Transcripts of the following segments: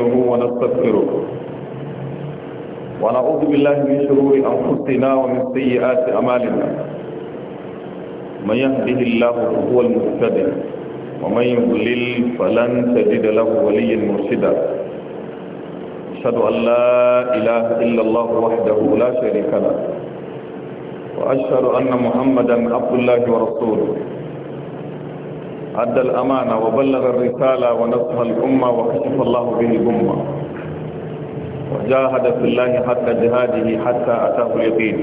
نستعينه ونستغفره ونعوذ بالله من شرور أنفسنا ومن سيئات أمالنا من يهده الله فهو المهتد ومن يضلل فلن تجد له وليا مرشدا أشهد أن لا إله إلا الله وحده لا شريك له وأشهد أن محمدا عبد الله ورسوله أدى الأمانة وبلغ الرسالة ونصح الأمة وكشف الله به الأمة وجاهد في الله حتى جهاده حتى أتاه اليقين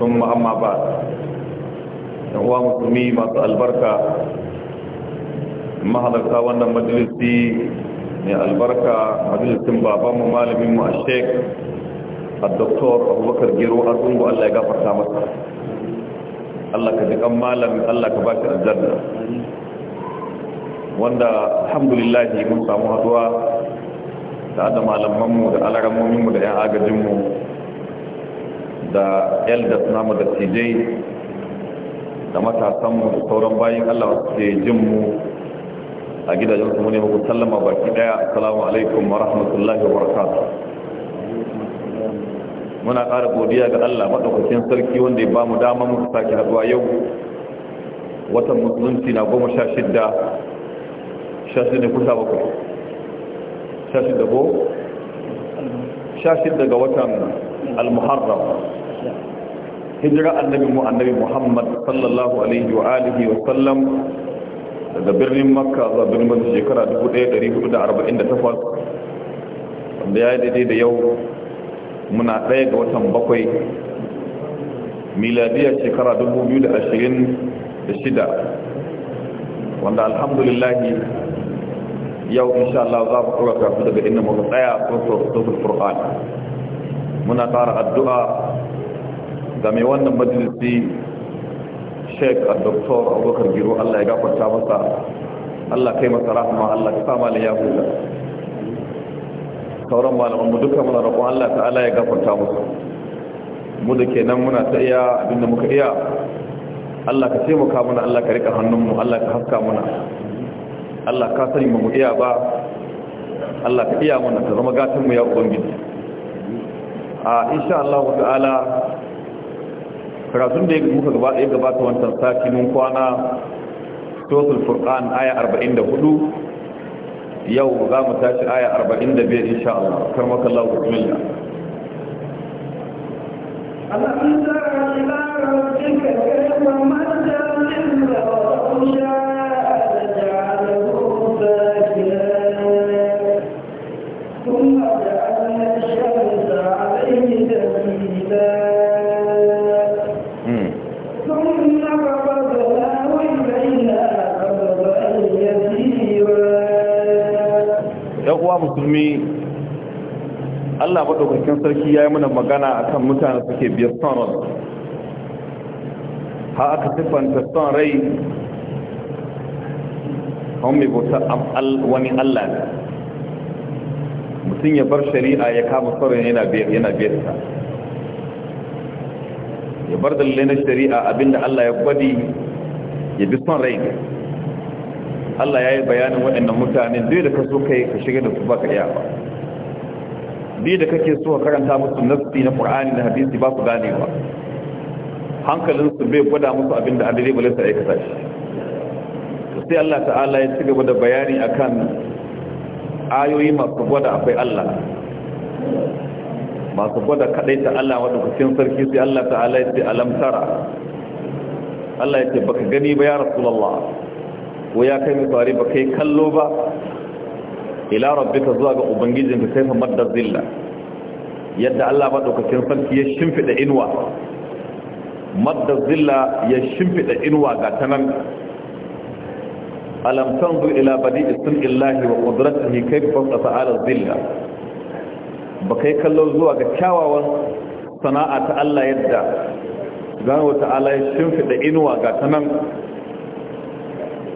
ثم أما بعد يوم مسلمي مساء البركة mahalarta wannan majalisi mai albarka majalisin babanmu malaminmu a sheik a doktor abubakar gero azungu allah ya gafarta masa Allah ka jiƙan malam Allah ka ba shi aljanna wanda alhamdulillah mun samu haduwa da da malamanmu da alaramominmu da 'yan agajinmu da eldas namu da tijai da matasanmu da sauran bayan Allah ke jinmu a gidajensu mu ne muku sallama baki daya assalamu alaikum wa rahmatullahi wa barakatuh muna ƙara godiya ga Allah maɗaukacin sarki wanda ya ba mu dama mu sake haɗuwa yau watan musulunci na goma sha shidda sha shidda ko sha bakwai sha shidda ko sha shidda ga watan al-muharram hijira annabi mu annabi muhammad sallallahu alaihi wa alihi wa sallam daga birnin makka zuwa birnin shekara 1448 wanda ya yi daidai da yau muna ɗaya ga watan bakwai miladiyar shekara 2026 wanda alhamdulillahi yau insha Allah za mu ɗora kafu daga inda muka tsaya sosai Qur'an muna ƙara addu'a ga mai wannan majalisi Sheikh Dr. Abubakar Giro Allah ya gafarta masa Allah kai masa rahama Allah ka sa malin ya huta sauran malaman mu duka muna roƙon Allah ta'ala ya gafarta musu mu da kenan muna ta iya abinda muka iya Allah ka taimaka mana Allah ka rika hannunmu Allah ka haska mana Allah ka sani mu iya ba Allah ka iya mana ta zama gatin mu ya ubangiji a insha Allah ta'ala karatun da muka gaba ɗaya gabata wancan sati mun kwana suratul furqan aya 44 yau za mu tashi aya 45 insha Allah karmaka Allah bismillah Allah ta ala rabbika kayfa madda illa wa uwa musulmi Allah maɗaukakin sarki ya yi mana magana a kan mutane suke biyar son rai ha aka siffanta son rai kan mai bauta wani Allah mutum ya bar shari'a ya kama son yana biyar sa ya bar dalilai na shari'a abinda Allah ya gwadi ya bi son rai ne Allah ya yi bayanin waɗannan mutane zai da ka so kai ka shiga da su ba baka iya ba bi da kake so ka karanta musu nassi na Qur'ani da hadisi ba su gane ba hankalin su bai gwada musu abin da adalai bale sai aikata shi sai Allah ta'ala ya ci gaba da bayani akan ayoyi masu gwada akwai Allah masu gwada kadai ta Allah wadda kusin sarki sai Allah ta'ala ya ce alam tara Allah ya ce baka gani ba ya rasulullah ko ya kai misali ba kai kallo ba ila rabbika zuwa ga ubangijinka sai fa madda zilla yadda Allah ba dokokin sarki ya shimfida inuwa madda zilla ya shimfida inuwa ga tanan alam tanzu ila badi'i sun'illahi wa qudratihi kayfa ta'ala zilla ba kai kallo zuwa ga kyawawan sana'a ta Allah yadda gano ta'ala ya shimfida inuwa ga tanan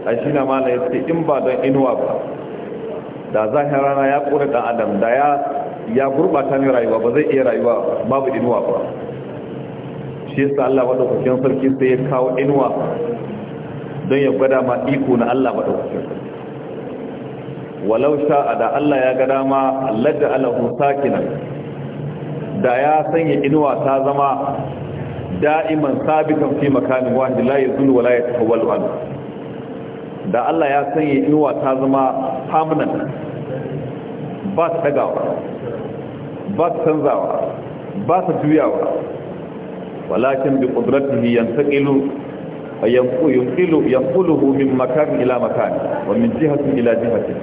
a shi na mana ya ce in ba don inuwa ba da zahir rana ya ƙone ɗan adam da ya gurbata ne rayuwa ba zai iya rayuwa babu inuwa ba shi yasa Allah ɗaukacin sarki sai ya kawo inuwa don ya gwada ma iko na Allah maɗaukakin ɗaukacin. walau a da Allah ya ga dama ladda alahu sakinan da ya sanya inuwa ta zama da'iman sabitan fi makamin wahid la yazulu wa la yatahawwalu anhu da Allah ya sanya inuwa ta zama permanent ba ta dagawa ba ta canzawa ba ta juyawa walakin bi qudratihi yantaqilu ya yanquluhu min makan ila makan wa min jihatin ila jihatin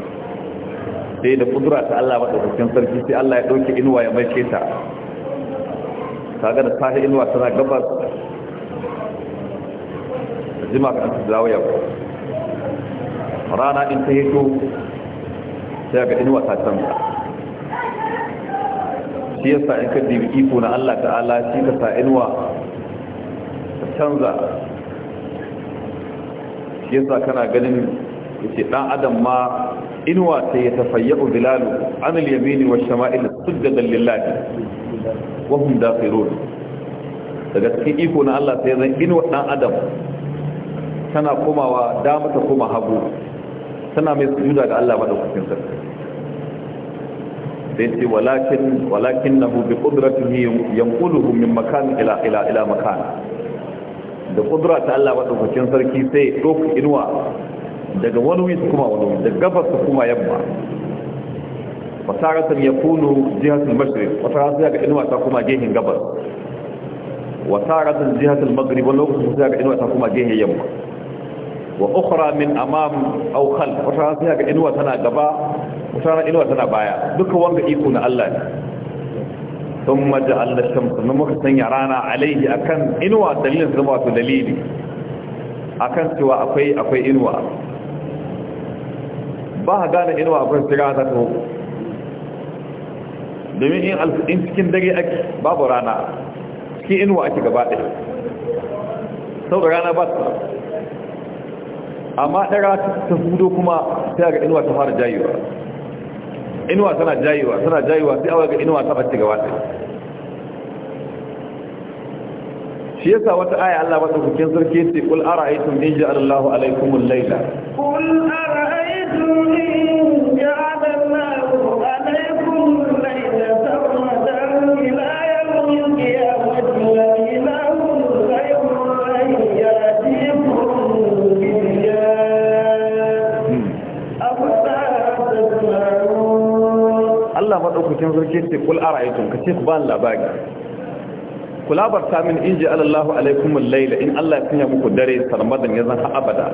sai da kudura ta Allah madaukakin sarki sai Allah ya dauke inuwa ya maishe ta kaga da sahi inuwa tana gabas jima ka ta dawo yau rana in ta hito sai ga inuwa ta canza shi yasa in ka dibi iko na Allah ta'ala shi ka sa inuwa ta canza shi yasa kana ganin yace ɗan adam ma inuwa ta ya tafayyu bilalu an al-yamin wa shama'il sujjadan lillahi wa hum dakhirun daga cikin iko na Allah sai zan inuwa ɗan adam tana komawa dama ta koma hagu tana mai sujuda ga Allah madaukakin sarki sai ce walakin walakin nahu bi qudratihi yanquluhu min makan ila ila ila makan da kudura ta Allah madaukakin sarki sai dok inuwa daga wani wuri kuma wani wuri daga gabas kuma yamma fasaratan yakunu jihatul mashriq fasaratan ga inuwa ta kuma gehen gabas wasaratan jihatul maghrib wani lokacin sai ga inuwa ta kuma gehen yamma wa ukhra min amam aw khalf wata sai ga inuwa tana gaba wata inuwa tana baya duka wanda iko na Allah ne thumma ja'alna ash-shamsa min muka sanya rana alaihi akan inuwa dalilin zama wato dalili akan cewa akwai akwai inuwa ba ga gane inuwa akwai sira ta to domin in alfin cikin dare ake babu rana cikin inuwa ake gaba ɗaya sau da rana ba ta amma daga ta hudo kuma sai ga inuwa ta fara jayewa inuwa tana jayewa tana jayewa sai awa ga inuwa ta ɓace ga ɗaya shi yasa wata aya Allah ba ta hukin sarki yace kul ara'aytum in ja'ala Allahu alaykum al-layla kul ara'aytum in ja'ala Allahu alaykum madaukakin zurke ce kul ara'aytum kace ku ba labari ku labarta min in ji alallahu alaikum laila in Allah ya sanya muku dare salmadan ya zan ha abada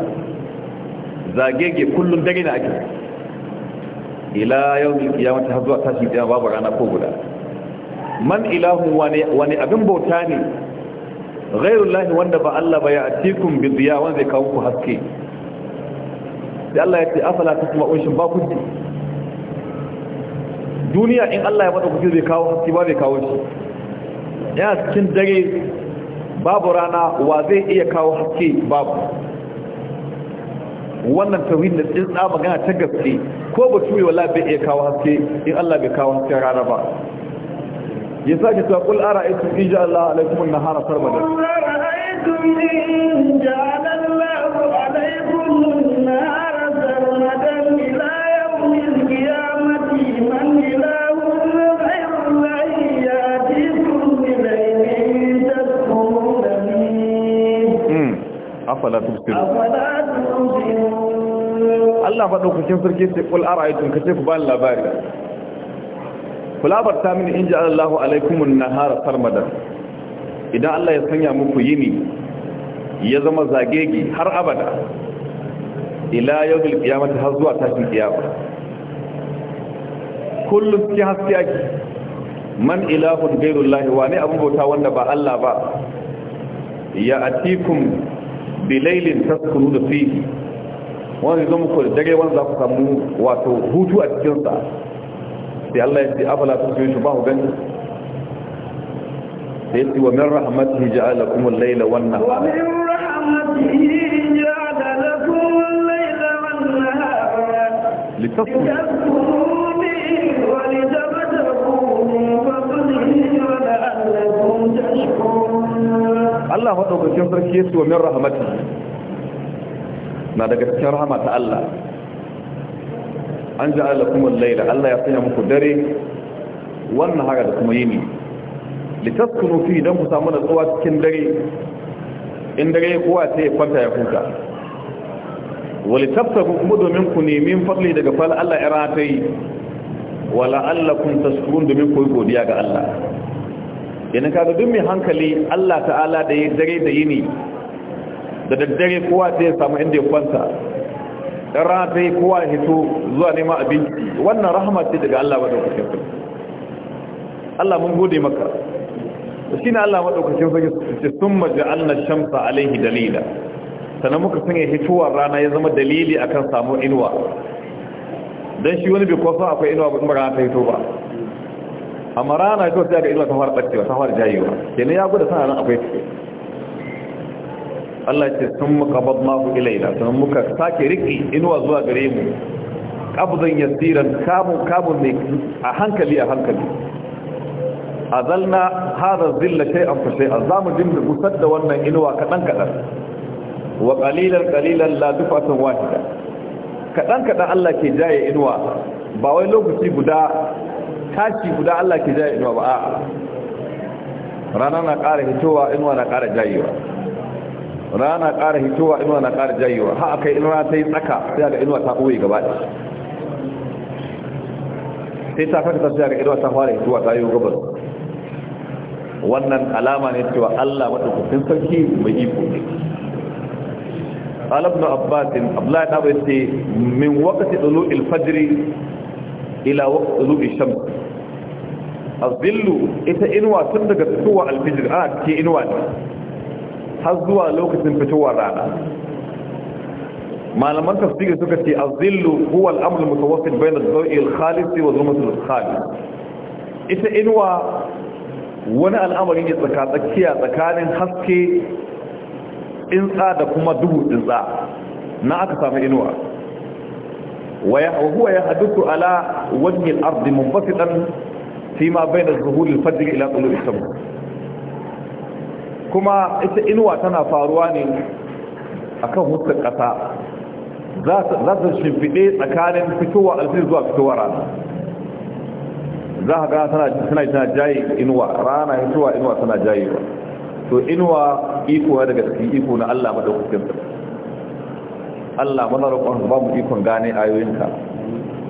zagege kullum dare na ake ila yau ya qiyamati har zuwa tashin kiyama babu rana ko guda man ilahu wani wani abin bauta ne ghairullahi wanda ba Allah ba ya atikum bi diya wanda zai kawo ku haske sai Allah ya ce afala tasma'un shin ba ku duniya in Allah ya madaukaki zai kawo haske ba zai kawo shi yana cikin dare babu rana wa zai iya kawo haske babu wannan tawhid da da magana ta gaske ko ba tuyi wala bai iya kawo haske in Allah bai kawo haske rana ba ya sake ta kul ara'aytum in ja'a Allah alaikum an-nahara sarmadan ara ara'aytum in ja'a Allah alaikum nahara afala tubsiru Allah kin sarki sai kul ara'aytum kace ku bani labari kulabar ta mini inji Allahu alaikumun nahara sarmadan idan Allah ya sanya muku yini ya zama zagegi har abada ila yawmil qiyamati har zuwa tashin qiyama kullum ki haske man ilahu gairullahi wa abin bauta wanda ba Allah ba ya atikum bilailin taskuruna fihi wani zo muku da dare wani za ku samu wato hutu a cikinsa sai Allah ya ce afala sun sun shi ba ku gani sai ce wa min rahmatihi ja'ala lakum al-layla wan nahara wa min rahmatihi ja'ala lakum al-layla wan nahara litaskunu Allah maɗaukacin sarki ya wa min rahamati na daga cikin rahama ta Allah an ja'ala kuma laila Allah ya sanya muku dare wannan haka da kuma yini litaskunu fi dan ku samu natsuwa cikin dare in dare kowa sai ya kwanta ya huta wali tabtaku kuma domin ku nemi fadli daga fal Allah ya ratayi wala allakum tashkurun domin ku godiya ga Allah yana kaga duk mai hankali Allah ta'ala da ya dare da yini da daddare kowa sai ya samu inda ya kwanta dan rana ta yi kowa hito zuwa neman abinci wannan rahama ce daga Allah madaukakin sarki Allah mun gode maka shi ne Allah madaukakin sarki ce sun maja'alna shamsa alaihi dalila sannan muka sanya hitowar rana ya zama dalili akan samu inuwa dan shi wani bai kwaso akwai inuwa ba kuma rana ta hito ba amma rana kawai sai ga inuwa ta fara ɓacewa ta fara jayewa kenan ya gudu sana nan akwai ciki. Allah ce sun muka babba ku ilaina sun muka sake riƙi inuwa zuwa gare mu ƙabzan yasiran kamu kamun ne a hankali a hankali a zalna hada zilla shai an fashe a zamu dinga gusar da wannan inuwa kaɗan kaɗan wa ƙalilan ƙalilan la dufatun wahida kaɗan kaɗan Allah ke jaye inuwa ba wai lokaci guda Taki guda Allah ke jaye inuwa ba a rana na ƙara hitowa inuwa na ƙara jayewa rana ƙara hitowa inuwa na ƙara jayewa ha aka inuwa ta yi tsaka sai ga inuwa ta ɓoye gaba ɗaya sai ta ta sai ga inuwa ta fara hitowa ta yi gabas wannan alama ne cewa Allah maɗaukakin sarki mai iko ne قال ابن عباس عبد الله بن عباس من وقت طلوع الفجر ila waqti lubi shams azillu ita inuwa tun daga fitowar alfijir ana cikin inuwa ne har zuwa lokacin fitowar rana malaman tafsiri suka ce azillu huwa al-amr mutawassit bayna ad-dawi al-khalis wa dhulmati al-khalis ita inuwa wani al'amari ne tsakatsakiya tsakanin haske tsintsa da kuma duhu tsintsa na aka samu inuwa وهو يحدث على وجه الأرض منبسطا فيما بين الظهور الفجر إلى طلوع الشمس كما إنوى تنا فارواني أكون هسك أساء ذات الشنفدي أكان فتوى الفيزوى فتوى رانا ذاها قال تنا تنا جاي إنوى رانا فتوى إنوى تنا جاي to inuwa iko ya daga cikin iko na Allah madaukakin sarki Allah mana roƙon ba mu ikon gane ayoyinka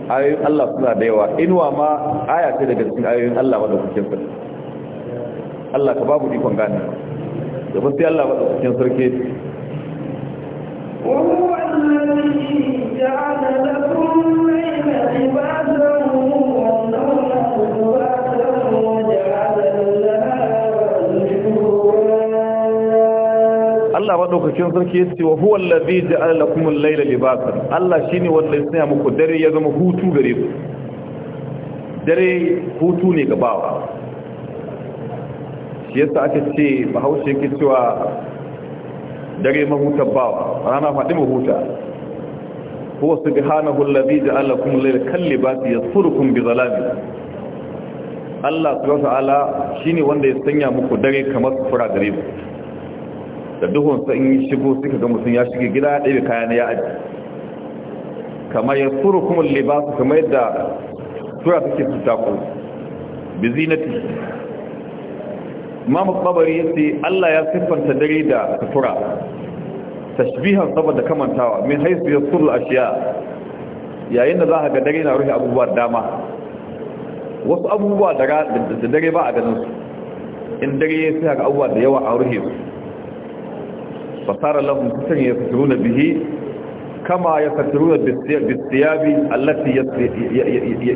ayoyin Allah suna da yawa inuwa ma aya ce daga cikin ayoyin Allah wanda kuke fadi Allah ka babu ikon gane da fa sai Allah ba kuke sarki madaukakin sarki ya ce wa huwa allazi ja'ala lakum al-layla libasan Allah shi ne wanda ya sanya muku dare ya zama hutu gare ku dare hutu ne ga bawa shi yasa aka ce bahaushe yake cewa dare mahuta bawa rana faɗi mahuta huwa subhanahu allazi ja'ala lakum al-layla kal libasi yasurukum bi zalami Allah su subhanahu wa shi ne wanda ya sanya muku dare kamar fura gare ku da duhun sa yi shigo suka ga mutum ya shige gida ya ɗabe kayan ya aji kamar ya suru kuma libasu kamar yadda sura take fita ku bizinati imamu babari ya ce Allah ya siffanta dare da sutura tashbihan saboda kamantawa min haisu ya suru ashiya yayin da za a ga dare na rufe abubuwa dama wasu abubuwa da dare ba a ganin su in dare sai ga abubuwa da yawa a rufe su fasara lahum kusan na bihi kama ya yasruna bisiyabi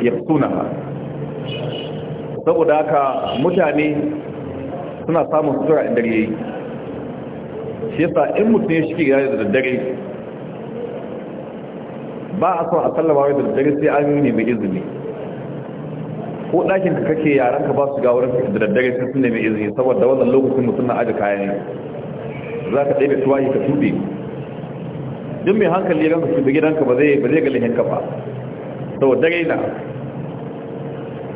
ya suna. saboda haka mutane suna samun sutura inda yayi shi yasa in mutum ya shige gare da daddare ba a son a sallama wai da daddare sai an yi ne mai izini ko ɗakin ka kake yaran ba su ga wurin da daddare sai sun nemi izini saboda wannan lokacin mutum na aji kayan za ka ɗaya tuwayi ka tube duk mai hankali ranka tube gidanka ba zai ga lihinka ba sau dare na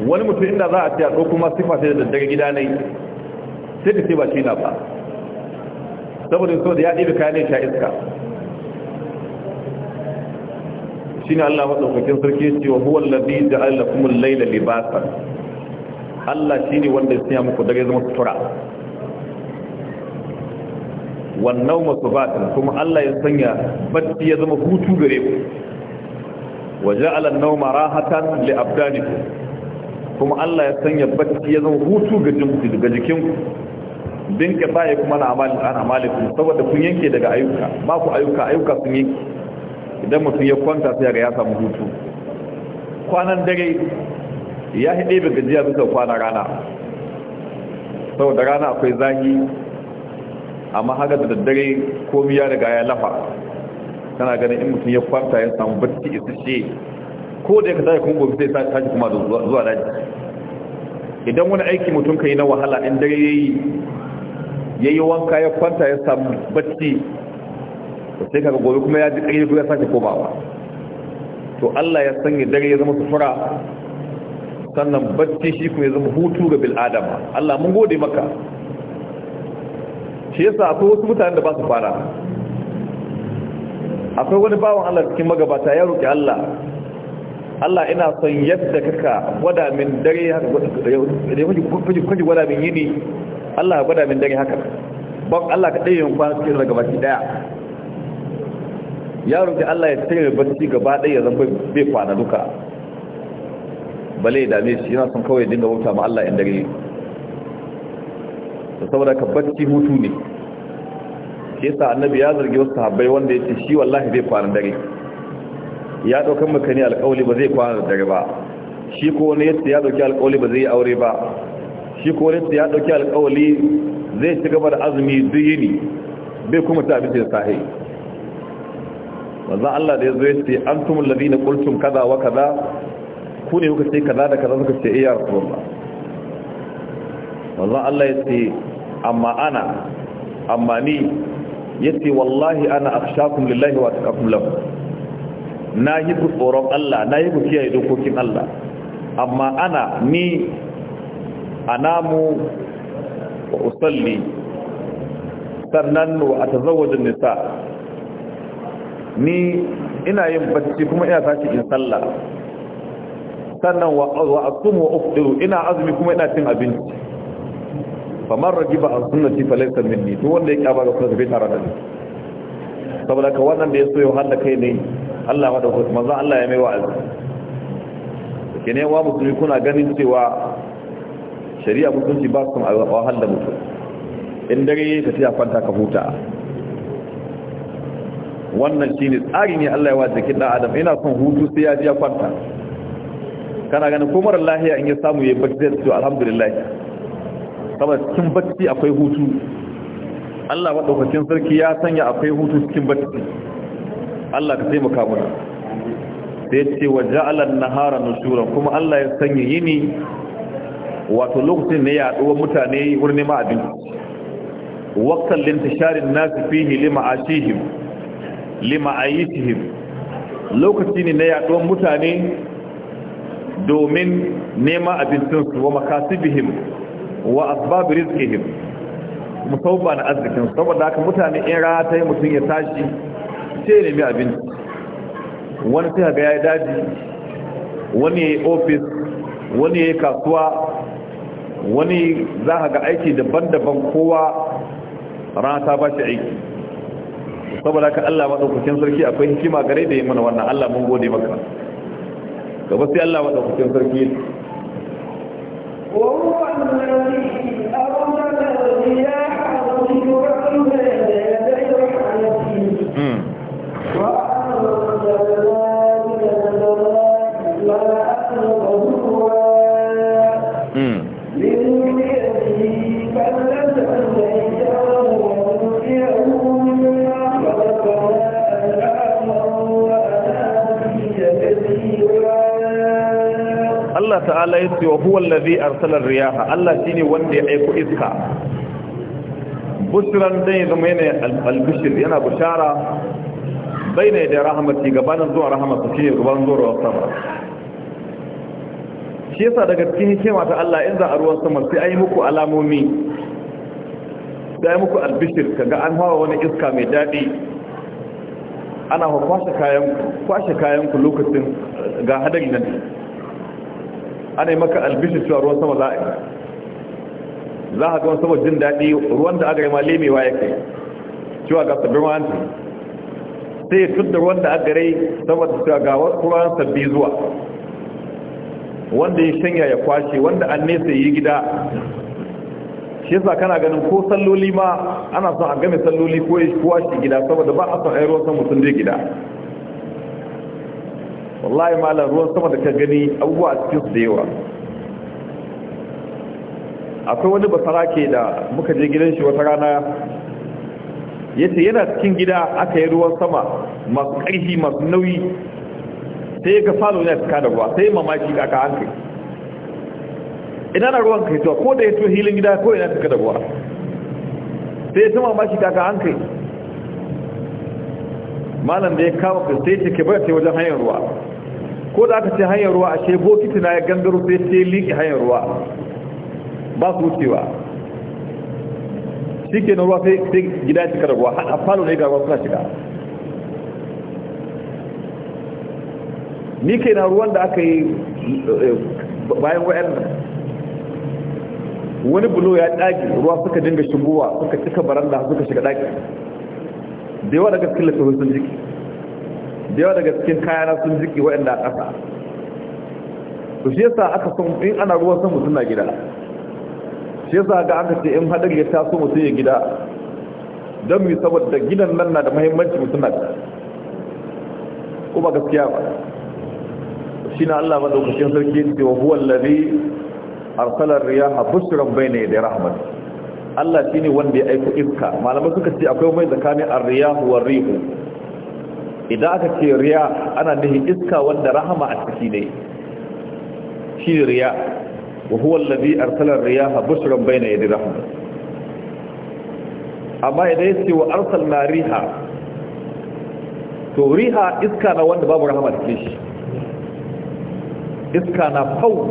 wani mutum inda za a ce a ɗauku ma sifa sai da daddare gida ne sai ka ce ba shi na ba saboda so da ya ɗaya kayan ne sha iska shi ne allah maɗaukakin sarki ce wa huwan lardi da allah kuma laila libasan allah shi ne wanda ya siya muku dare zama sutura wannan masu batin kuma Allah ya sanya bacci ya zama hutu gare ku waje alannau hatan li'abdaniku kuma Allah ya sanya bacci ya zama hutu ga jikinku din ka baya kuma na amalikum saboda kun yanke daga ayyuka ba ku ayyuka ayyuka sun yanke idan mutum ya kwanta sai ga ya samu hutu kwanan dare ya hide ba gajiya bisa kwana rana saboda rana akwai zahi amma haka da daddare komi ya riga ya lafa tana ganin in mutum ya kwanta ya samu barci isasshe ko da ya sai ya kuma gobe sai tashi kuma zuwa daji idan wani aiki mutum ka yi na wahala in dare ya yi wanka ya kwanta ya samu barci sai kaga gobe kuma ya ji ƙarfi ya sake komawa to Allah ya sanya dare ya zama sufura sannan barci shi kuma ya zama hutu ga bil'adama Allah mun gode maka shi yasa akwai wasu mutane da ba su fara akwai wani bawan Allah cikin magabata ya roƙi Allah Allah ina son yadda kaka gwada min dare haka kwaji gwada min yini Allah gwada min dare haka ban Allah ka ɗaya yin kwana cikin daga baki ɗaya ya roƙi Allah ya tsere bacci gaba ɗaya zan bai kwana duka bale ya dame shi yana son kawai dinga wuta ma Allah in dare da saboda ka bacci hutu ne shi yasa annabi ya zargi wasu sahabbai wanda ya ce shi wallahi zai kwana dare ya daukan maka ne alƙawli ba zai kwana dare ba shi ko wani yace ya dauki alƙawli ba zai yi aure ba shi ko wani yace ya dauki alƙawli zai ci gaba da azumi duk ne, bai kuma ta abinci da sahi manzon Allah da ya zo ya ce antumul ladina kulcin kaza wa kaza ku ne kuka ce kaza da kaza suka ce iya eh, rasulullah manzon Allah ya ce amma ana amma ni ya yace wallahi ana akhshakum lillahi wa taqakum lahu na yi ku tsoron Allah na yi ku kiyaye dokokin Allah amma ana ni anamu wa usalli sannan wa a atazawwajun nisa ni ina yin bacci kuma ina tashi in sallah sannan wa asumu wa ufdiru ina azumi kuma ina cin abinci famar ragiba a sunnati falaisa minni to wanda ya kaba ga sunnati bai tare da ni saboda ka wannan da ya so ya halla kai ne Allah wa da kuma manzo Allah ya mai wa'azi kene wa musulmi kuna ganin cewa shari'a mutunci ba su a wahal da mutum in dare ka tiya kwanta ka huta wannan shine tsari ne Allah ya wace kin dan adam ina son hutu sai ya ji ya kwanta kana ganin ko mara lahiya in ya samu yayi bacci to alhamdulillah saboda cikin bacci akwai hutu Allah maɗaukacin sarki ya sanya akwai hutu cikin bacci Allah ka taimaka mana da ya ce wa ja'alar nahara nushura kuma Allah ya sanya yini wato lokacin ne yaɗuwar mutane wurin nema abinci waktan lintasharin nasu fihi lima ashihim lima ayitihim lokaci ne na yaɗuwar mutane domin nema abincinsu wa makasibihim wa asbab rizqihim musawba na arzikin saboda haka mutane in rana ta yi mutum ya tashi ce ne mai abinci wani sai ga yayi daji wani yayi office wani yayi kasuwa wani za ka ga aiki daban-daban kowa rana ta ba shi aiki saboda haka Allah madaukakin sarki akwai hikima gare da yi mana wannan Allah mun gode maka gaba sai Allah madaukakin sarki Mm. ta'ala yace wa huwa allazi arsala riyaha Allah shine wanda ya aiko iska busran dai zama yana albishir yana bushara baina da rahmatin gabanin zuwa rahmatin shine gabanin zuwa rahmatin shi yasa daga cikin hikima ta Allah in za a ruwan sama sai ai muku alamomi da muku albishir kaga an hawa wani iska mai daɗi ana kwashe kayan kwashe kayan ku lokacin ga hadari nan ana yi maka albishin cewa ruwan sama za a yi za a ga wani sama jin daɗi ruwan da aka yi ma lemewa ya kai cewa ga sabbin wa'anci sai ya tudda ruwan da aka rai saboda cewa ga ruwan sabbi zuwa wanda ya shanya ya kwashe wanda an nesa yi gida shi yasa kana ganin ko salloli ma ana son a game salloli ko ya kwashe gida saboda ba a son a yi ruwan sama sun je gida wallahi malar ruwan sama da ka gani abubuwa a cikin su da yawa akwai wani basara ke da muka je gidan shi wata rana ya ce yana cikin gida aka yi ruwan sama masu ƙarfi masu nauyi sai ya ga falo yana cika da ruwa sai mamaki a aka hankali ina na ruwan kai ko da ya to hilin gida ko yana cika da ruwa sai ya ta mamaki a aka hankali malam da ya kama kai sai ya ce ke bayar sai wajen hanyar ruwa ko da aka ce hanyar ruwa a ce bokiti na ya gangaro sai ce liƙi hanyar ruwa ba su wucewa shi ke na ruwa sai gida ya cika da ruwa a falo ne ga ruwa suna shiga ni ke na ruwan da aka yi eh, bayan wa'yan wani bulo ya ɗage ruwa suka dinga shigowa suka cika baranda suka shiga ɗage da yawa daga cikin lafiyar sun jiki da yawa daga cikin kayana sun jiki waɗanda a ƙasa to shi yasa aka son in ana ruwan san mutum na gida shi yasa ga aka ce in haɗar ya taso mutum ya gida don mu saboda gidan nan na da muhimmanci mutum na kuma ba gaskiya ba shi na Allah madaukakin sarki ce wa huwa allazi arsala riyaha bushran bayna yaday rahmat Allah shine wanda ya aika iska malamai suka ce akwai mai tsakanin ar-riyahu war-rihu idan aka ce riya ana nufin iska wanda rahama a ciki ne shi riya wa huwa allazi arsala ar-riyaha bushran bayna yadi rahmah amma idan yace wa arsalna riha to riha iska na wanda babu rahama cikin shi iska na fau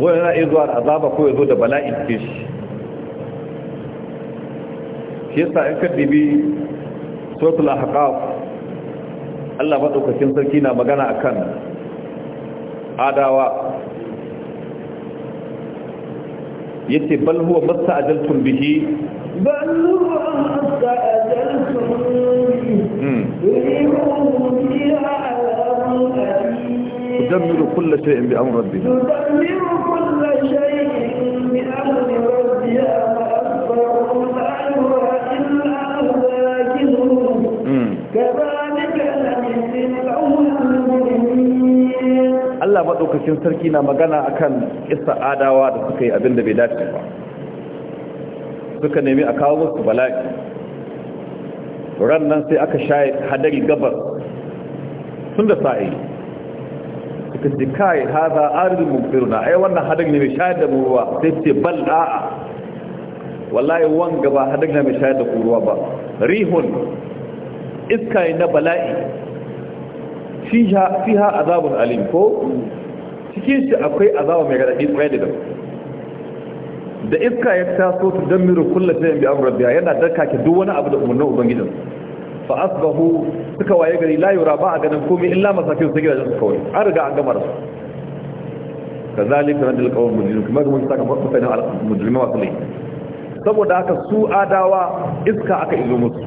wanda na iya zuwa da azaba ko ya zo da bala'i cikin shi shi yasa in ka dibi suratul ahqaf Allah maɗaukacin sarki na magana a kan adawa yace bal huwa masta ajaltum bihi bal huwa masta ajaltum hmm. bihi تدمر كل شيء بأمر ربنا تدمر كل شيء madaukakin sarki na magana akan isa adawa da suka yi abin da bai dace ba suka nemi a kawo musu bala'i ran nan sai aka shaye hadari gabar tun da sa'i suka ji kai haza arzin mumfiruna ai wannan hadari ne mai shayar da ruwa sai ce bal wallahi wanga ba hadari ne mai shayar da ruwa ba rihun iska na bala'i fiha azabun alim ko cikin shi akwai azaba mai radadi tsaye da da iska ya taso su don miru kulla ta yin bi rabbiya yana daka ki duk wani abu da umarnin ubangijin fa asbahu suka waye gari la yura ba a ganin komai illa masakin su gidajen su kawai an riga an gama da su kazalika na dal qawm mujrimin kuma ga mun saka mutanen al-mujrimin wa kulli saboda haka su adawa iska aka izo musu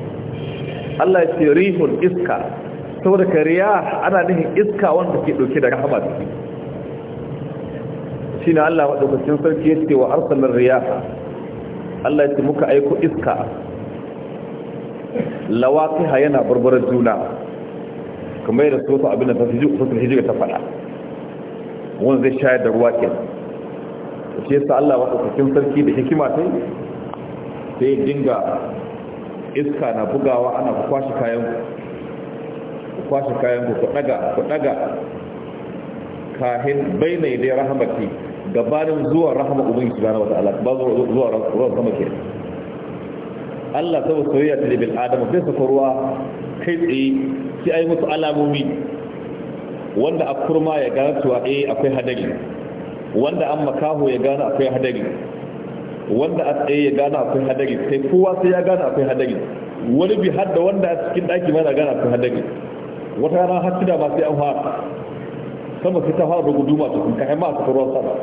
Allah ya ce rihun iska saboda kariya ana nihin iska wanda ke dauke da rahama shi na Allah maɗaukacin sarki ya ce wa arsalar riyaha Allah ya ce muka aiko iska lawaƙiha yana barbarar juna kamar yadda sosu abin da fasul hijira ta faɗa wanda zai shayar da ruwa kenan da shi yasa Allah maɗaukacin sarki da hikima ta yi sai dinga iska na bugawa ana kwashe kayan ku kwashe kayan ku ku ɗaga ku ɗaga kahin bainai dai rahamati gabanin zuwa rahama ubangiji subhanahu wataala ba zuwa ruwan sama ke Allah sabu soyayya ta bil adama sai saka ruwa kai tsaye sai ai musu alamomi wanda a kurma ya gano cewa eh akwai hadari wanda an makaho ya gano akwai hadari wanda a tsaye ya gano akwai hadari sai kowa sai ya gano akwai hadari wani bi hadda wanda a cikin daki ma na gano akwai hadari wata rana har shida ma sai an fara sama fita ta fara guduma ta kun kayan ma a tafi ruwan sama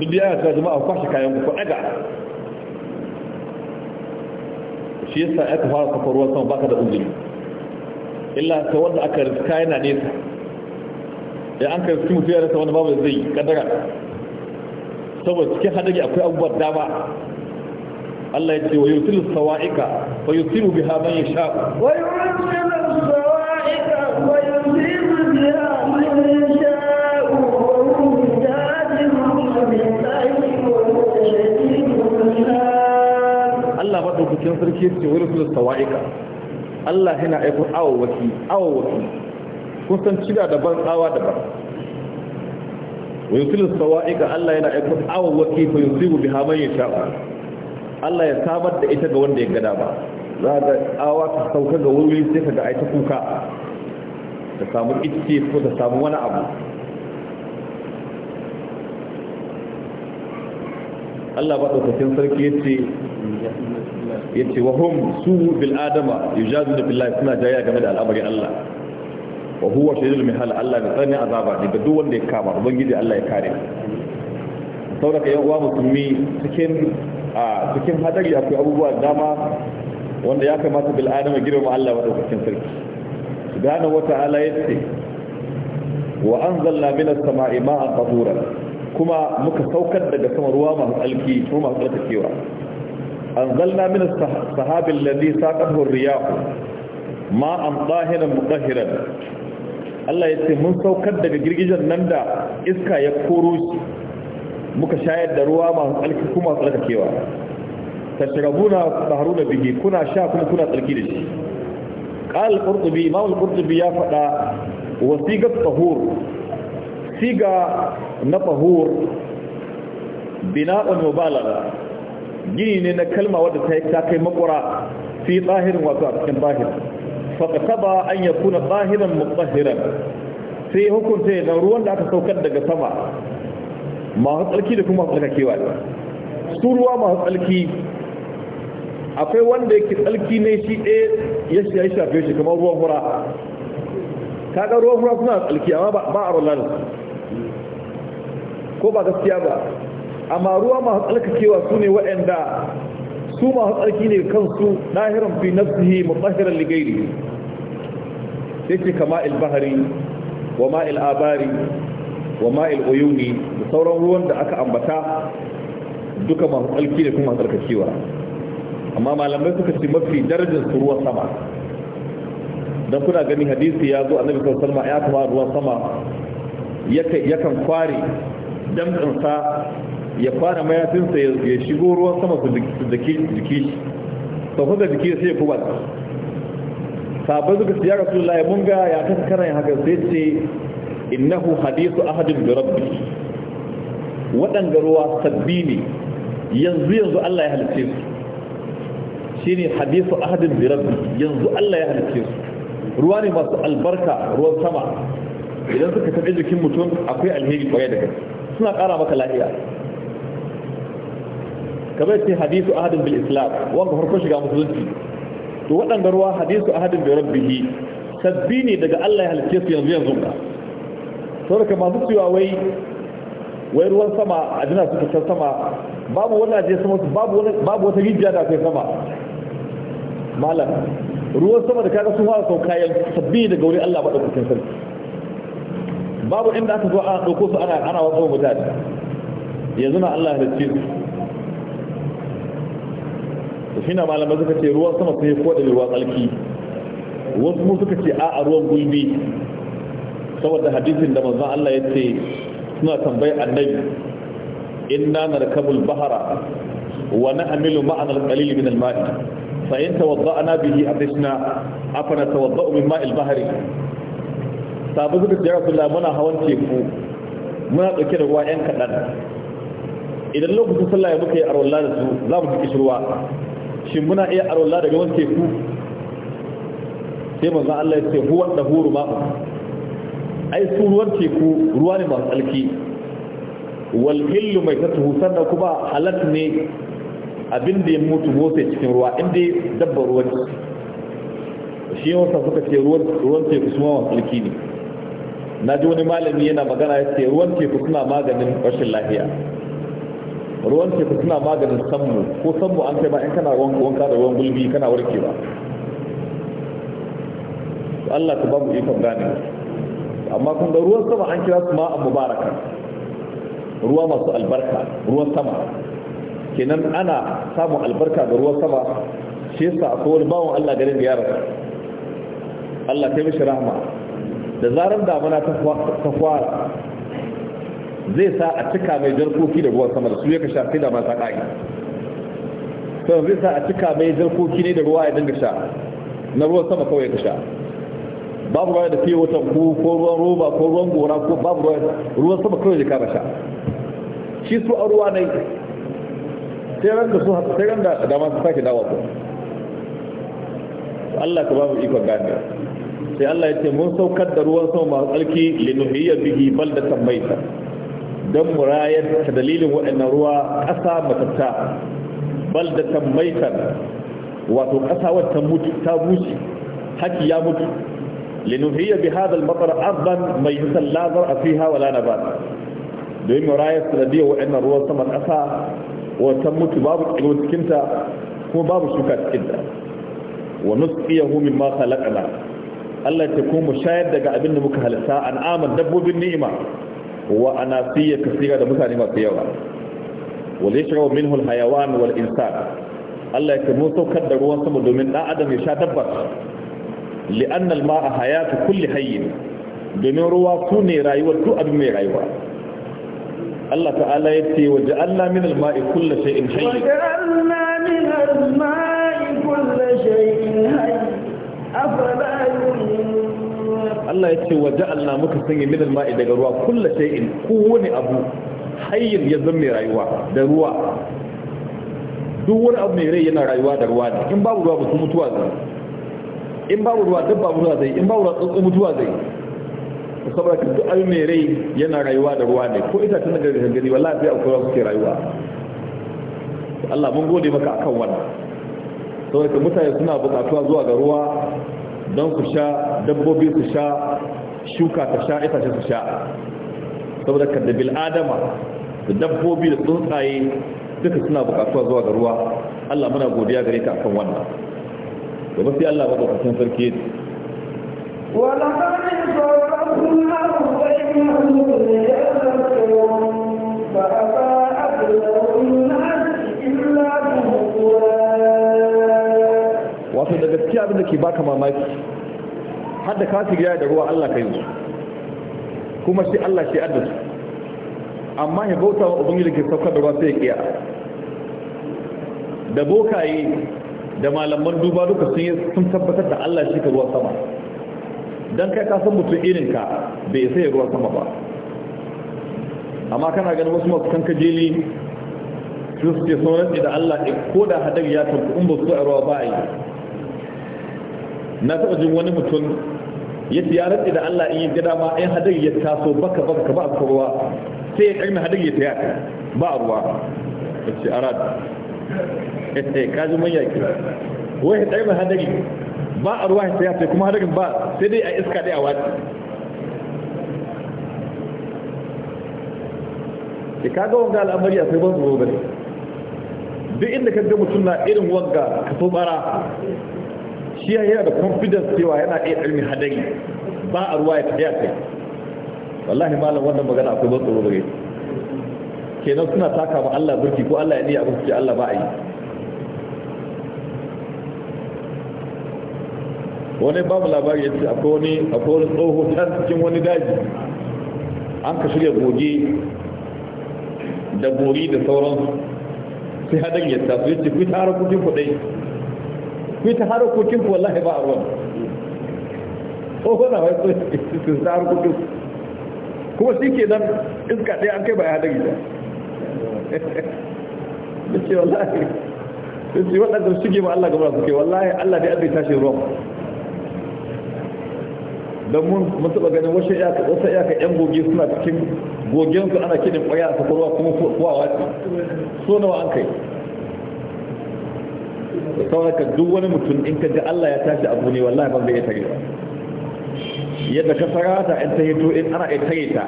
duk da ya ta a kwashe kayan ku daga shi yasa ta fara tafi ruwan sama baka da uzuri illa ta wanda aka rika yana nesa ya an ka rika mutu ya rasa wani babu zai yi kadara saboda cikin hadari akwai abubuwan dama Allah ya ce wa yusilu sawa'ika wa yusilu biha man yasha wa yusilu sawa'ika wa yusilu biha Sarki su ce wani su sawa'ika Allah yana aiko awawaki awawaki kun san ciga daban tsawa daban wani su sawa'ika Allah yana aiko awawaki fa bi biha yin yasha Allah ya samar da ita ga wanda ya gada ba za ga awa ta sauka ga wuri sai ka ga aita kuka ta samu itce ko ta samu wani abu Allah ba ɗaukacin sarki ya ce ce wa hum su bil adama yujaduna billahi suna jayya game da al'amarin Allah wa huwa shadidul mihal Allah ne tsani azaba ne ga duk wanda ya kama ubangiji Allah ya kare saboda yan uwa musulmi cikin a cikin hadari akwai abubuwa dama wanda ya kamata bil adama girma Allah wa daukakin sarki subhanahu wa ta'ala ce, wa anzalna minas sama'i ma'an tahura kuma muka saukar daga sama ruwa masu alki kuma masu tsarkakewa أنزلنا من الصحاب الذي ساقته الرياح ما أم طاهرا مطهرا الله يتي من سوكر دقى جرججا نندا إسكا يكوروش muka shayar da ruwa masu tsarki kuma masu tsarkakewa tashrabuna taharuna bihi kuna sha kuma kuna tsarki da shi qal al-qurtubi imam al-qurtubi ya fada wasiqat tahur siga na tahur bina'un mubalagha gini ne na kalma wadda ta kai makwara fi tsahirin wato a cikin bahir ba an ya kuna tsahirin tsahirin sai hukunta ya ruwan da aka saukar daga sama masu tsarki da kuma tsarkakewa su ruwa masu tsarki akwai wanda yake tsarki ne shi ɗaya ya shafe shi kamar ruwan hura kaga ruwan hura suna tsarki amma ba a rolar ko ba gaskiya ba amma ruwa masu tsarkakewa su ne waɗanda su masu tsarki ne kansu ɗahiran fi nafsihi mutahiran ligairi yake kama ilbahari wa ma il'abari wa ma il'oyuni da sauran ruwan da aka ambata duka masu tsarki ne kuma tsarkakewa amma malamai suka ce mafi darajar su ruwan sama don kuna gani hadisi ya zo annabi sallallahu alaihi wasallam ya kama ruwan sama yakan kware damtsansa ya fara mayafinsa ya shigo ruwan sama su jiki shi, sau da jiki sai ya kubar sabon suka siya rasulullahi mun ga ya kaskara ya haka sai ce innahu hadisu ahadin da rabbi waɗanga ruwa sabbi ne yanzu yanzu Allah ya halice su shi ne hadisu ahadin da rabbi yanzu Allah ya halice su ruwa ne masu albarka ruwan sama idan suka taɓi jikin mutum akwai alheri kwaye da kai suna ƙara maka lahiya kamar ce hadisu ahadin bil islam wanda farko shiga musulunci to waɗanda ruwa hadisu ahadin bi rabbihi sabbi ne daga Allah ya halice su yanzu yanzu ka saboda masu cewa wai wai ruwan sama a jina suka can sama babu wani aje sama babu wani babu wata rijiya da kai sama malam ruwan sama da kaga sun fara sauka yanzu sabbi daga wuri Allah ba da kusan sarki babu inda aka zo a dauko su ana ana wasu mutane yanzu na Allah ya halice su to shi malamai suka ce ruwan sama sun yi koɗa ruwa tsalki wasu mu suka ce a a ruwan gulbi saboda hadisin da manzon Allah ya ce suna tambayar annabi inna narkabul bahara wa na'milu ma'ana al-qalil min al-ma'i fa in tawadda'na bihi abisna afana tawadda'u min ma'il bahri sabu suka ce Rasulullah muna hawan teku muna dauke da ruwa yan kadan idan lokacin sallah ya muka yi arwalla da su za mu fi kishirwa shin muna iya arola daga wani teku sai manzan Allah ya ce huwan da huru ma'u ai su ruwan teku ruwa ne masu tsalki walhillu mai husar da kuma halatta ne abin da ya mutu motsa cikin ruwa inda ya dabba ruwan shi yawansa suka ce ruwan teku su mawa tsalki ne na ji wani malami yana magana ya ce ruwan teku suna maganin rashin lafiya ruwan teku suna maganin sammu ko sammu an kai ba in kana wanka wanka da ruwan gulbi kana warke ba Allah ta ba mu ikon gane amma kun ga ruwan sama an kira su ma a mubaraka ruwa masu albarka ruwan sama kenan ana samun albarka da ruwan sama shi yasa akwai wani bawon Allah garin da ya rasa. Allah ta yi mishi rahama da zarar damuna ta fara zai sa a cika mai jarkoki da ruwan sama da su ya ka sha da mata ƙaƙi sannan zai sa a cika mai jarkoki ne da ruwa ya dinga sha na ruwan sama kawai ya ka sha babu ruwa da fiye wata ko ruwan roba ko ruwan gora ko babu ruwa ruwan sama kawai ya kama sha shi su a ruwa ne sai ran da su sai ran da dama su sake dawa ko Allah ka babu ikon gani sai Allah ya ce mun saukar da ruwan sama masu tsarki linuhiyya bihi baldatan maita don murayar ta dalilin waɗannan ruwa ƙasa matatta ta maitar wato ƙasa wata mutu ta bushe haki ya mutu linuhiyya bi hadal matar ardan mai hisan lazar a fiha wala na ba don murayar ta dalilin waɗannan ruwan sama ƙasa wata mutu babu ƙiro cikinta kuma babu shuka cikinta wa nusqiyahu mimma khalaqna Allah ya kuma shayar daga abin da muka halitta an'aman dabbobin ni'ima wa anasiyya kasira da mutane masu yawa wal yashrabu minhu al hayawan wal insan Allah ya kamo saukar da ruwan sama domin dan adam ya sha dabbar ma a haya hayatu kulle hayyin domin ruwa su ne rayuwar duk abin mai rayuwa Allah ta'ala ya ce waje Allah min al kulle shay'in hayy Allah ya ce wa ja'alna muka sanya min al-ma'i daga ruwa kullu shay'in kowane abu hayyin ya zama mai rayuwa da ruwa duk wani abu mai rai yana rayuwa da ruwa ne in babu ruwa ba su mutuwa zai in babu ruwa duk babu ruwa zai in babu ruwa tsuntsu mutuwa zai saboda ka duk abu mai rai yana rayuwa da ruwa ne ko ita tun daga gangani wallahi sai akwai ruwa suke rayuwa Allah mun gode maka akan wannan saboda mutane suna bukatuwa zuwa ga ruwa don ku sha dabbobi ku sha shuka ta sha itace su sha saboda ka da bil'adama da dabbobi da tsuntsaye duka suna bukatuwa zuwa ga ruwa Allah muna godiya gare ka akan wannan gaba sai Allah baka kasan sarki yake wato da gaskiya abin da ke baka mamaki har da kafir ya da ruwa Allah kai su kuma shi Allah shi adda su amma ya bauta wa ubangiji ke saukar da ruwa sai ya kiya da bokaye da malaman duba duka sun sun tabbatar da Allah shi ka ruwa sama dan kai ka san mutum irin ka bai sai ruwa sama ba amma kana ganin wasu masu kanka jeli su suke sauran da Allah eh, ko da hadari ya tafi in ba su a ruwa ba a yi na taɓa jin wani mutum ya ya rantsi da Allah in yi gida ma in hadari ya taso baka baka ba ka ruwa sai ya karmi hadari ya taya ba ruwa a ce arad eh kaji manya ya kira wai ya karmi hadari ba a ruwa ya taya sai kuma hadarin ba sai dai a iska dai a wati ya kaga wanga al'amari sai ban tsoro bane duk inda ka ga mutum na irin wanga ka so bara shi yana da confidence cewa yana iya ilmi hadari ba a ruwa ya a kai wallahi malam wannan magana akwai ban tsoro gare kenan suna taka ma Allah burki ko Allah ya niyya abin ce Allah ba a yi wani babu labari ya ce akwai wani akwai wani tsoho can cikin wani daji an ka shirya goge da gori da sauransu sai hadan ya taso ya ce ku tara kuɗin kuɗai ku ta harkokin ku wallahi ba a ruwan ko na wai ko ta harkokin kuma shi ke nan iska ɗaya an kai ba ya haɗa gida da ce wallahi da ce waɗanda su ma Allah gaba suke wallahi Allah dai abin tashi ruwan don mun mun taɓa ganin wasu iyaka wasu iyaka goge suna cikin gogensu ana kiɗin ƙwaya a sakarwa kuma kowa wace so nawa an kai sauraka duk wani mutum in ka ji Allah ya tashi abu ne wallahi ban zai iya tare ba yadda ka sarata in ta hito in ana iya tare ta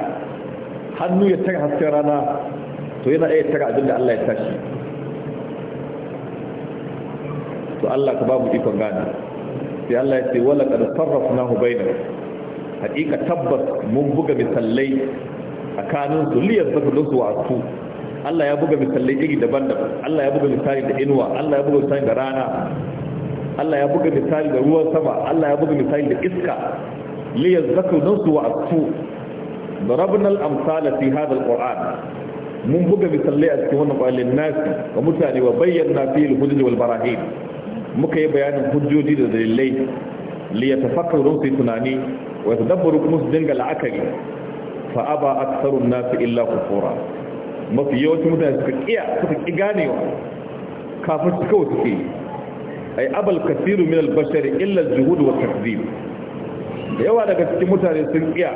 hannu ya tare hasken rana to yana iya tare abin da Allah ya tashi to Allah ka babu ikon gane sai Allah ya ce wala qad sarrafnahu bainahum hakika tabbas mun buga misalai tsakanin su liyar zafi don wa Allah ya buga misalai iri daban-daban Allah ya buga misali da inuwa Allah ya buga misali da rana Allah ya buga misali da ruwan sama Allah ya buga misali da iska li yazakkaru nafsu wa asu da al-amsal fi hadha al-Qur'an mun buga misalai a cikin wannan ƙwallin nasi ga mutane wa bayyana fi al-hujj wal barahin muka yi bayanin hujjoji da dalilai li yatafakkaru su tunani wa yatadabbaru kuma su dinga la'akari fa aba aktharun nasi illa kufura mafi yawancin mutane suka kiya suka ki ganewa kafin su kawai suke ai abal kasiru min albashar illa juhud wa takzib da yawa daga cikin mutane sun kiya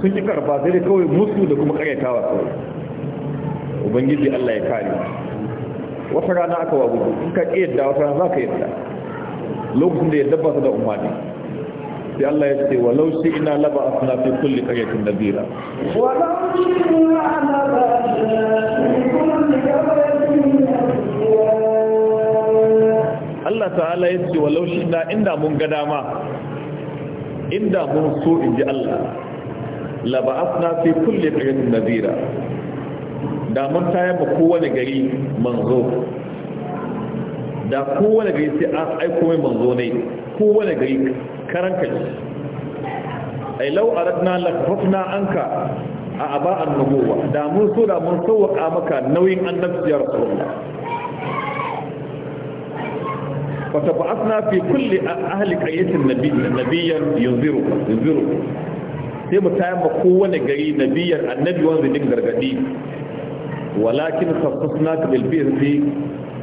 sun ki karfa sai dai kawai musu da kuma karyatawa su ubangiji Allah ya kare wata rana aka wa gudu in ka kiyar da wata rana za ka yadda lokacin da ya dabbata da umarni sai Allah ya ce walau shi ina laba asna fi kulli qaryatin nadira walau shi ina laba asna fi Allah ta'ala ya ce walau shi ina inda mun ga dama inda mun so in ji Allah laba asna fi kulli qaryatin nadira da mun tayar ba kowane gari manzo da kowane gari sai an aiko mai manzo ne kowane gari karan kai ai law aradna lakfafna anka a aba annubuwa da mun so da mun sauwaka maka nauyin annabci ya rasulullah fa tab'athna fi kulli ahli qayyatin nabiyyan nabiyyan yunziru yunziru sai mu tayar ma kowane gari nabiyyan annabi wanda din gargadi walakin khasasnaka bil bi'thi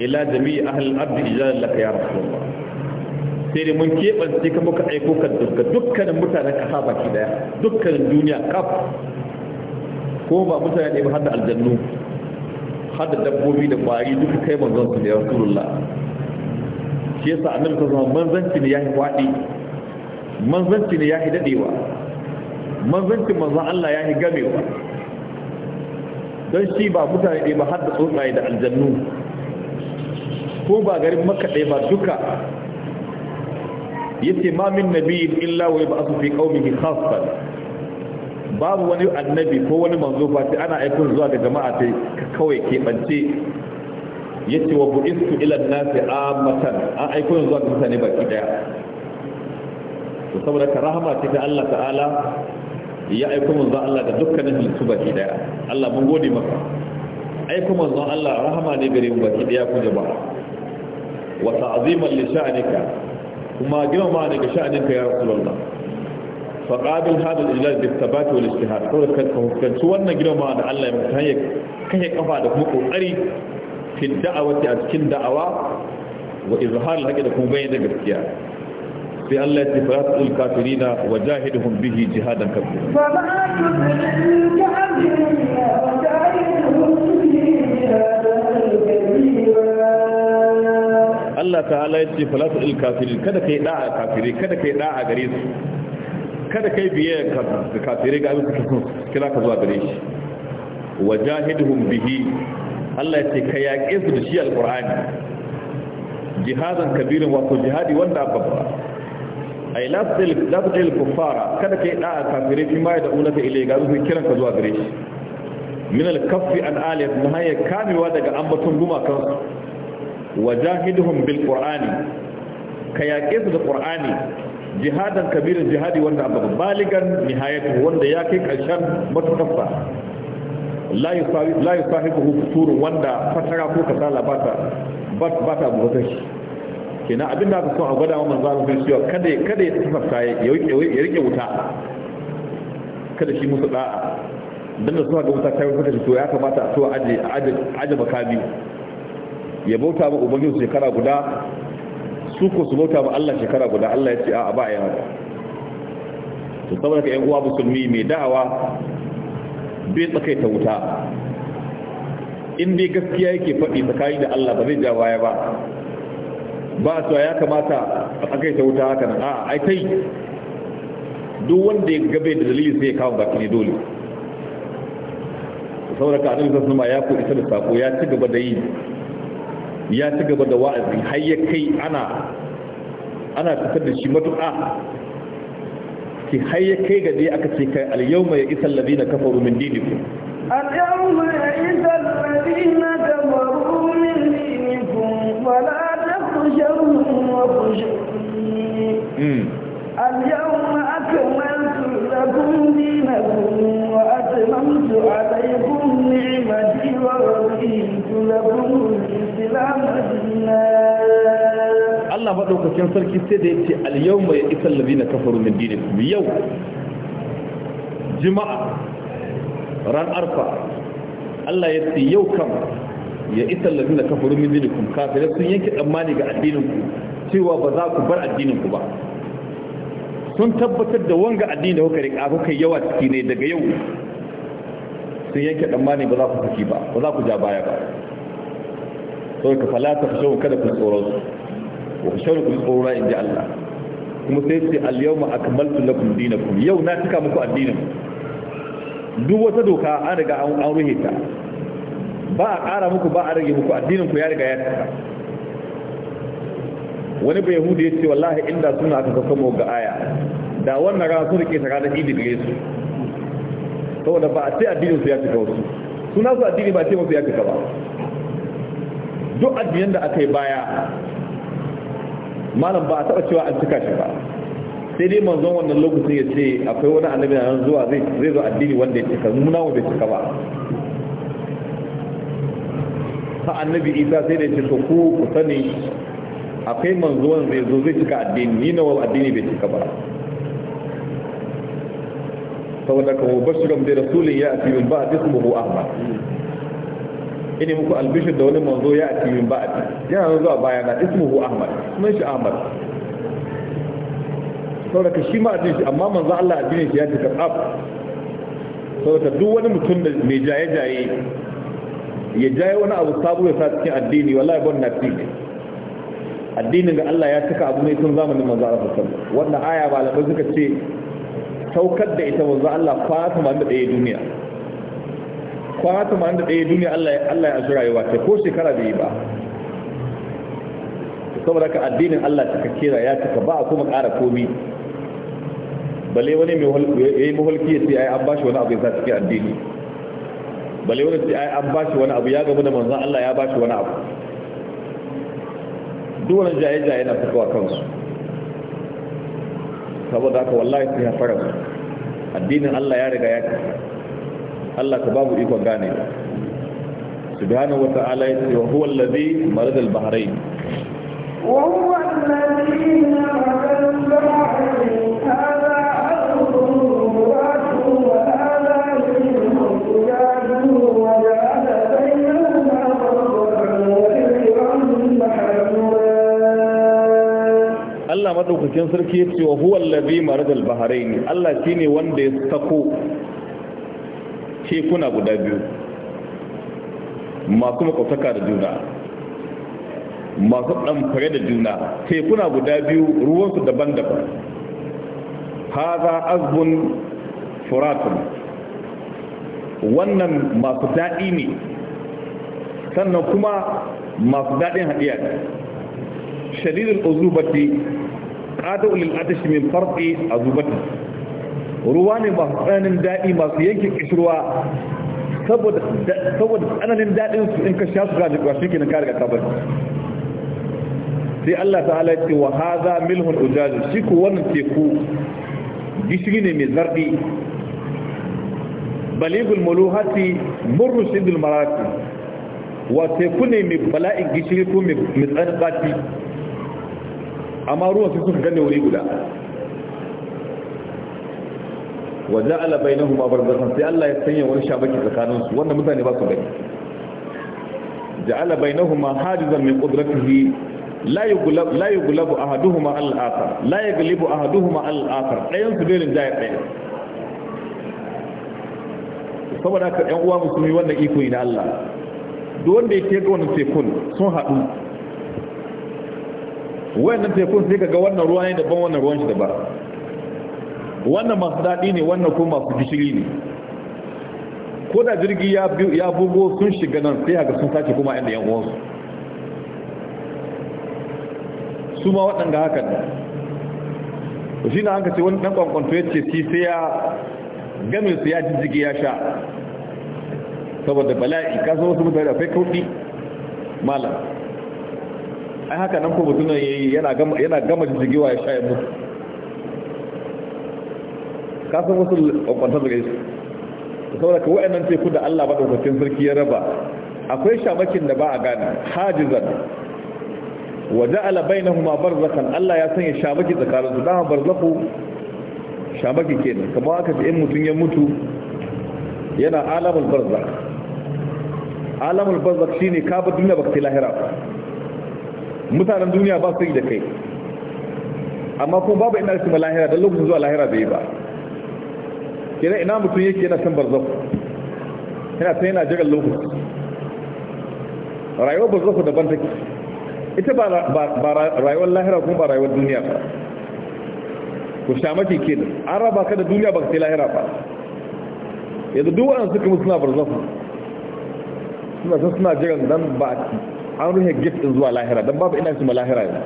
ila jami'i ahli al-ard ijazan laka ya rasulullah sai dai mun keɓance ka muka aiko ka dukkanin mutanen ƙasa baki daya dukkanin duniya kaf ko ba mutane ne ba har da aljannu har da dabbobi da ƙwari duka kai manzon su da ya rasulullah shi yasa annabi ta zama manzanci ne yi waɗi manzanci ne yi dadewa manzancin manzon Allah ya yi gamewa don shi ba mutane ne ba har da tsuntsaye da aljannu ko ba garin makaɗe ba duka yace ma min nabiyyin illa wa yab'athu fi qaumihi khaffan babu wani annabi ko wani manzo ba sai ana aikun zuwa ga jama'a sai kawai ke keɓance yace wa bu'istu ila an-nasi ammatan an aikun zuwa ga mutane baki daya to saboda ka rahama ce ta Allah ta'ala ya aiko manzo Allah da dukkanin halittu baki daya Allah mun gode maka aiko manzo Allah rahama ne gare mu baki daya ku jama'a wa ta'ziman li sha'nika kuma girma ne ga sha'aninka ya rasulullah fa qabil hada al-ilal bi thabat wal ijtihad ko ka fuskanci wannan girma da Allah ya mutu hanyar kai ƙafa da kuma kokari fi da'awati a cikin da'awa wa izhar al-haqi da kuma bayyana gaskiya sai Allah ya tafi kafiri na wa jahiduhum bihi jihadan kabira Allah ta'ala ya ce falatu il kafirin kada kai a kafire kada kai da'a gare su kada kai biye ga kafire ga abin da kira ka zuwa gare shi wajahidhum bihi Allah ya ce ka yaƙe su da shi alqur'ani jihadan kabirin wato jihadi wanda babba ay la tul la tul kuffara kada kai a kafire fi ma da ulaka ilai ga abin kiran ka zuwa gare shi min al-kaffi an aliyat muhayya kamewa daga ambaton gumakan wajahiduhum bil qur'ani ka yaƙe su da qur'ani jihadan kabirin jihadi wanda abu baligan nihayatu wanda ya kai ƙarshen matukarsa la yusahibuhu futurun wanda fatara ko kasala bata bata bukatar shi kenan abin da aka so a gwada wa manzo Allah cewa kada kada ya tsafta ya rike wuta kada shi musu da'a dan da suka ga wuta ta yi fata to ya kamata a so aje aje aje makami ya bauta ma ubangiji shekara guda su ko su bauta ma Allah shekara guda Allah ya ce a ba ya haka to saboda ka yan uwa musulmi mai da'awa bai ta wuta in dai gaskiya yake faɗi tsakani da Allah ba zai ja baya ba ba su ya kamata a ta wuta haka nan a ai kai duk wanda ya gabe da dalili sai ya kawo baki ne dole saboda ka annabi sallallahu alaihi wasallam ya ko isa da sako ya ci gaba da yi ya ci gaba da wa'azi har ya kai ana ana fitar da shi matuƙa ki har ya kai ga dai aka ce kai al-yawma ya isa alladhina kafaru min dinikum al-yawma ya isa alladhina kafaru min dinikum wa la takhshawhum wa khshawni hmm. al-yawma akmaltu lakum dinakum wa atmamtu alaykum ni'mati wa raditu lakum Allah maɗaukakin sarki sai da ya ce aliyau mai isan labi na kafaru min dinin yau jima'a ran arfa Allah ya ce yau kam ya isan labi na kafaru min dinin kuma kafirai sun yanke tsammani ga addininku cewa ba za ku bar addininku ba sun tabbatar da wanga addini da kuka riƙa kuka yawa ciki ne daga yau sun yanke tsammani ba za ku saki ba ba za ku ja baya ba sau ka falata ku shawun kada ku tsoron wa shawrukum qura in ji Allah kuma sai ce al yawma akmaltu lakum dinakum yau na cika muku addinin duk wata doka an riga an ruhe ta ba a ƙara muku ba a rage muku addinin ku ya riga ya cika wani bai yahudi ya ce wallahi inda suna aka kakamo ga aya da wannan rana sun rike ta ranar idi gare su saboda ba a ce addinin su ya cika wasu suna su addini ba a ce masu ya cika ba duk addinin da aka yi baya malam ba a taɓa cewa an cika shi ba sai dai manzon wannan lokacin ya ce akwai wani annabi nan zuwa zai zai zo addini wanda ya cika muna nawo bai cika ba ta annabi isa sai da ya ce to ku ku sani akwai manzo wanda zai zo zai cika addini ni nawo addini bai cika ba saboda mu bashirin da rasulun ya ati min ba a tismuhu ahmad Ini muku albishir da wani manzo ya a cikin ba'adi yana nan zuwa baya na ismuhu ahmad sunan shi ahmad saboda shi ma addini shi amma manzo Allah addini shi ya ta tsaf saboda duk wani mutum da mai jaye-jaye ya jaye wani abu sabo ya sa cikin addini wallahi ban na fi addinin ga Allah ya cika abu ne tun zamanin manzo Allah sallallahu alaihi wasallam wannan aya malamai suka ce saukar da ita manzo Allah fa ta manzo da duniya kwana ma da ɗaya duniya Allah ya azu yawa ta ko shekara da yi ba saboda ka addinin Allah ta kera ya cika ba a kuma ƙara komi bale wani mai yi mahulki ya ce ai an bashi wani abu ya sa addini bale wani ce ai an bashi wani abu ya gabu da manzan Allah ya bashi wani abu duk wani jaye-jaye na fitowa kansu saboda haka wallahi sai ya fara addinin Allah ya riga ya kasa Allah ka babu ikon gane subhanahu wa ta'ala ya ce wa huwa alladhi marad al bahrain wa huwa alladhi marad al bahrain hada Allah madaukakin sarki ya ce wa huwa allazi marad al bahrain Allah shine wanda ya sako tekuna guda biyu masu makwataka da juna masu ɗamfare da juna tekuna guda biyu ruwansu daban-daban haza azbun furatun wannan masu daɗi ne sannan kuma masu daɗin haɗiya ne shadidul uzubati qadu lil atash min farqi azubati ruwa ne masu tsananin daɗi masu yanke kishirwa saboda tsananin daɗin su in ka sha su gaji kwashi ke na kare ga kabar sai Allah ta halar cewa wa haza milhun ujaji shi ku wannan teku gishiri ne mai zarɗi baligul muluhati murrushidul marati wa teku ne mai bala'in gishiri ko mai tsananin ɓaci amma ruwan sai suka gane wuri guda wa ja'ala bainahuma barzakan sai Allah ya sanya wani shabaki tsakanin su wanda mutane ba su gani ja'ala bainahuma hadizan min qudratihi la yughlab la yughlabu ahaduhuma al-akhar la yaghlibu ahaduhuma al-akhar dayan su bai jaya ɗaya saboda ka ɗan uwa musulmi wannan iko ne Allah duk wanda ya ga wannan tekun sun haɗu wannan tekun sai ka ga wannan ruwa ne daban wannan ruwan shi daban wannan masu daɗi ne wannan kuma masu gishiri ne ko da jirgi ya bugo sun shiga nan sai haka sun sace kuma inda yan uwansu su ma waɗanda haka ne shi na hanka ce wani ɗan ƙwanƙwanto ya ce sai ya game su ya jijjige ya sha saboda bala'i ka so wasu mutane akwai kauɗi malam ai haka nan ko mutum yana gama jijjigewa ya sha ya mutu kasan wasu kwakwanta daga yi saboda ka wa'annan teku da allah ba ɗaukacin sarki ya raba akwai shamakin da ba a gane hajizan waje alabai na huma barzakan allah ya sanya shamaki su dama barzaku shamaki ke ne kama aka ce in mutum ya mutu yana alamul barzak alamul barzak shi ne kaba duniya ba ka lahira mutanen duniya ba su yi da kai amma kuma babu ina su lahira don lokacin zuwa lahira bai ba kenan ina mutum yake yana san barzahu yana san yana jiran lokaci rayuwar barzahu daban take ita ba rayuwar lahira kuma ba rayuwar duniya ba ku sha mafi ke da an raba ka da duniya ba ka sai lahira ba Yanzu duk waɗanda suka mutu suna barzahu suna sun suna jiran dan ba an rufe gift din zuwa lahira dan babu ina su ma lahira ne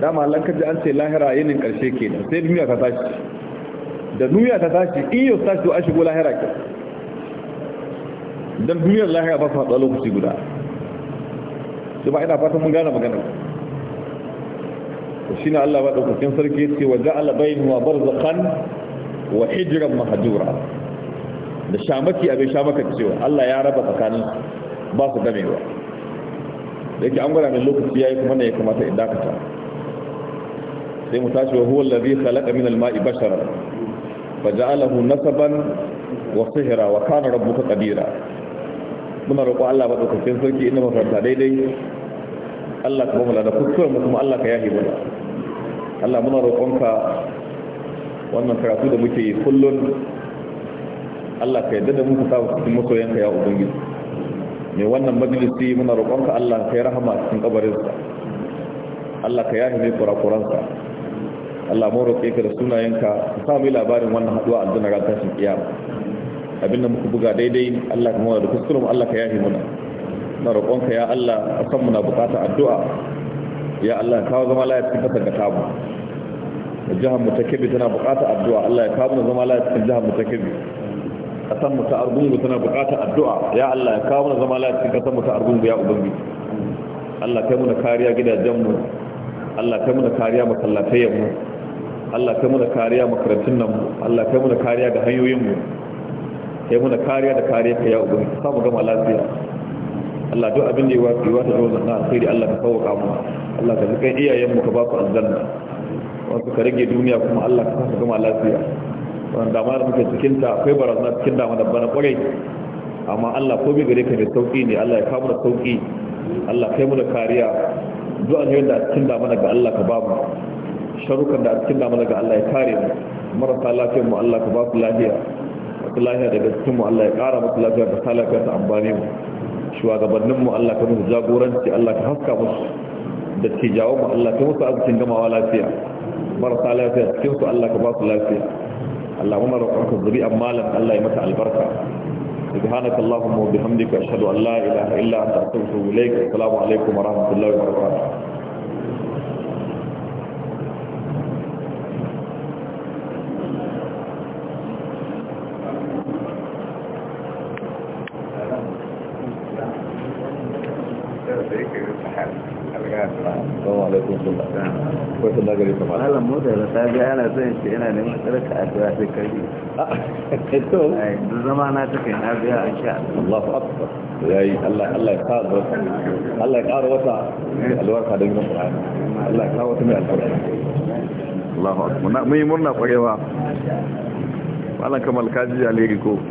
dama lankaji an ce lahira yinin ƙarshe ke da sai duniya ka tashi da duniya ta tashi iyo tashi to an shigo lahira ke dan duniyar lahira ba su haɗu a lokaci guda sai ba ina fatan mun gane magana ku shi ne Allah ba ɗaukakin sarki ya ce wa ja'ala bayin bar zakan wa hijiran mahajura da shamaki abin shamakan cewa Allah ya raba tsakanin ba su gamewa da yake an gwada min lokaci ya yi kuma ne ya kamata in dakata sai mu tashi wa huwa allazi khalaqa min alma'i mai basharan faja'alahu nasaban wa sihra wa kana rabbuka qadira muna roƙo Allah madaukakin sarki inda mafarta daidai Allah ka bamu da kuskuren mu kuma Allah ka yahi mana Allah muna roƙonka wannan karatu da muke yi kullun Allah ka yadda da muku sa cikin masoyanka ya ubangiji me wannan majalisi muna roƙonka Allah ka yi rahama cikin kabarinsa Allah ka yahi mai kurakuransa Allah mu roƙe ka da sunayenka ka sa mu labarin wannan haduwa aljanna ran tashin kiyama abin da muka buga daidai Allah ka mawa da kuskuren Allah ka yafe muna na roƙonka ya Allah akan muna buƙatar addu'a ya Allah kawo zama lafiya cikin kasar da kamu jihar mu ta kebe tana buƙatar addu'a Allah ya kawo zama lafiya cikin jihar mu ta kebe kasar mu ta argungu tana buƙatar addu'a ya Allah ya kawo zama lafiya cikin kasar mu ta argungu ya ubangiji Allah kai mu na kariya gidajen mu Allah kai mu na kariya masallatai mu Allah kai muna kariya makarantun nan Allah kai muna kariya da hanyoyin mu kai muna kariya da kariya ka ya ubangi samu gama lafiya Allah duk abin da ya wafi wata zo zanna da Allah ka sauka mu Allah ka zukan iyayen mu ka ba ku aljanna wasu ka rage duniya kuma Allah ka sa gama lafiya wannan dama da muke cikin ta akwai barazana cikin dama da bana kwarai amma Allah ko bai gare ka da sauki ne Allah ya kawo da sauki Allah kai mu da kariya duk alherin da cikin dama daga Allah ka ba mu sharukan da a cikin damar daga Allah ya kare mu marasa lafiyar mu Allah ka ba su lafiya masu lafiya daga cikin mu Allah ya kara masu lafiya da sa lafiya ta amfani mu shugabannin mu Allah ka musu jagoranci Allah ka haska musu da tijawo mu Allah ka musu arzikin gamawa lafiya marasa lafiya cikin su Allah ka ba su lafiya Allah mu roƙonka zuri'an malam Allah ya mata albarka سبحانك اللهم وبحمدك أشهد أن لا إله إلا أنت أستغفرك إليك السلام عليكم ورحمة الله وبركاته alaikum salam ko ta ta Allah ta a ta sai ta kawo mai Allah mai Allah Allah ya wata Allah ya wata kawo mai Allah ya kawo ta mai albarka kaji alheri ko